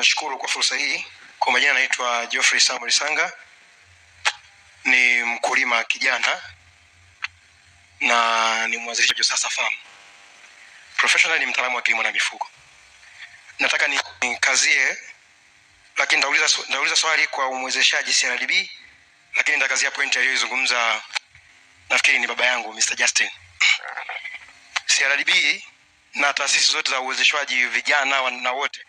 Nashukuru kwa fursa hii. Kwa majina naitwa Geoffrey Samuel Sanga, ni mkulima kijana na ni mwanzilishi wa Sasa Farm. Professional ni mtaalamu wa kilimo na mifugo. Nataka nikazie, lakini nauliza nauliza swali kwa umwezeshaji CRDB, lakini ndakazia point aliyoizungumza nafikiri ni baba yangu Mr. Justin. CRDB na taasisi zote za uwezeshwaji vijana na wote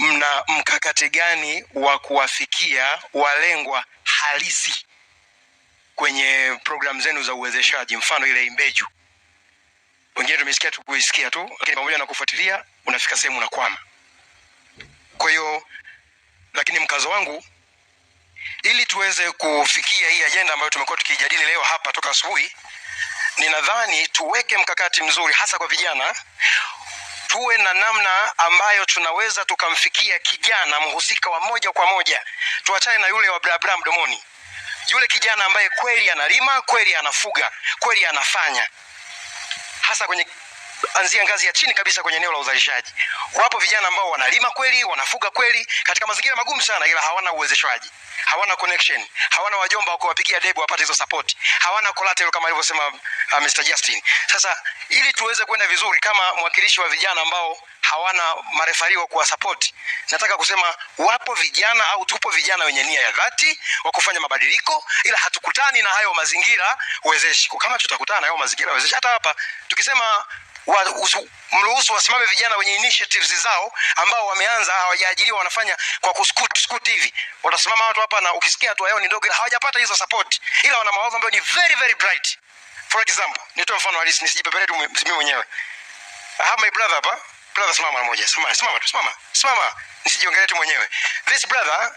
mna mkakati gani wa kuwafikia walengwa halisi kwenye programu zenu za uwezeshaji, mfano ile Imbeju? Wengine tumesikia tu kuisikia tu, lakini pamoja na kufuatilia unafika sehemu unakwama. Kwa hiyo, lakini mkazo wangu ili tuweze kufikia hii ajenda ambayo tumekuwa tukijadili leo hapa toka asubuhi, ninadhani tuweke mkakati mzuri hasa kwa vijana tuwe na namna ambayo tunaweza tukamfikia kijana mhusika wa moja kwa moja, tuachane na yule wa blabla mdomoni, yule kijana ambaye kweli analima, kweli anafuga, kweli anafanya, hasa kwenye anzia ngazi ya chini kabisa kwenye eneo la uzalishaji. Wapo vijana ambao wanalima kweli, wanafuga kweli, katika mazingira magumu sana, ila hawana uwezeshwaji hawana connection, hawana wajomba wako wapigia wapate hizo support, hawana collateral kama alivyosema uh, Mr Justin. Sasa ili tuweze kwenda vizuri, kama mwakilishi wa vijana ambao hawana marefari wa support. Nataka kusema wapo vijana au tupo vijana wenye nia ya dhati wa kufanya mabadiliko, ila hatukutani na hayo mazingira wezeshi. Kama tutakutana na hayo mazingira wezeshi, hata hapa tukisema wa, usu, mruhusu wasimame vijana wenye initiatives zao ambao wameanza hawajaajiriwa, wanafanya kwa kuskut skut hivi. Watasimama watu hapa na ukisikia hatua yao ni ndogo, hawajapata hizo support, ila wana mawazo ambayo ni very very bright. For example, nitoe mfano halisi, nisijipepere tu mimi mwenyewe. I have my brother hapa brother, simama mara moja, simama, simama tu, simama, simama, nisijiongelee tu mwenyewe. This brother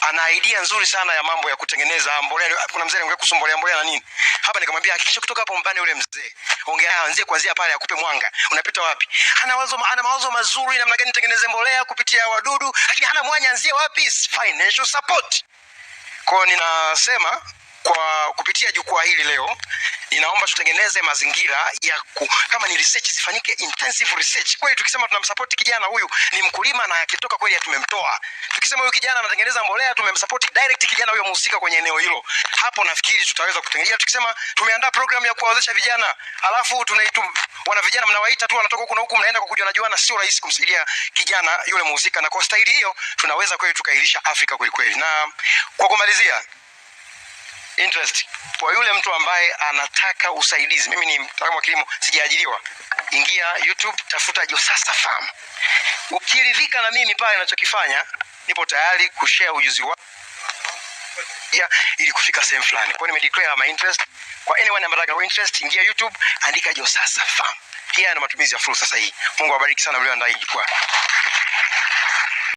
ana idea nzuri sana ya mambo ya kutengeneza mbolea. Kuna mzee anaongea kuhusu mbolea mbolea na nini hapa, nikamwambia hakikisha kutoka hapo mbane yule mzee, ongea naye anzie kuanzia pale, akupe mwanga unapita wapi. Ana wazo, ana mawazo mazuri namna gani nitengeneze mbolea kupitia wadudu, lakini hana mwanya, anzie wapi? Financial support. Kwa ninasema kwa kupitia jukwaa hili leo ninaomba tutengeneze mazingira ya ku, kama ni research zifanyike intensive research. Kweli tukisema tunamsupport kijana huyu ni mkulima na akitoka kweli tumemtoa. Tukisema huyu kijana anatengeneza mbolea tumemsupport direct kijana huyo mhusika kwenye eneo hilo. Hapo nafikiri tutaweza kutengeneza. Tukisema tumeandaa program ya kuwawezesha vijana, alafu tunaitu wana vijana mnawaita tu wanatoka huko na huko mnaenda kwa kujuana juana, sio rahisi kumsaidia kijana yule mhusika, na kwa staili hiyo tunaweza kweli tukailisha Afrika kweli kweli. Na kwa kumalizia interest kwa yule mtu ambaye anataka usaidizi. Mimi ni mtaalamu wa kilimo, sijaajiriwa. Ingia YouTube, tafuta Josasa Farm. Ukiridhika na mimi pale ninachokifanya, nipo tayari kushare ujuzi wangu ili kufika sehemu fulani. Kwa hiyo nimedeclare my interest kwa anyone ambaye ana interest, ingia YouTube, andika Josasa Farm. Haya ndio matumizi ya fursa sasa hii. Mungu awabariki sana mlioandaa hii jukwaa.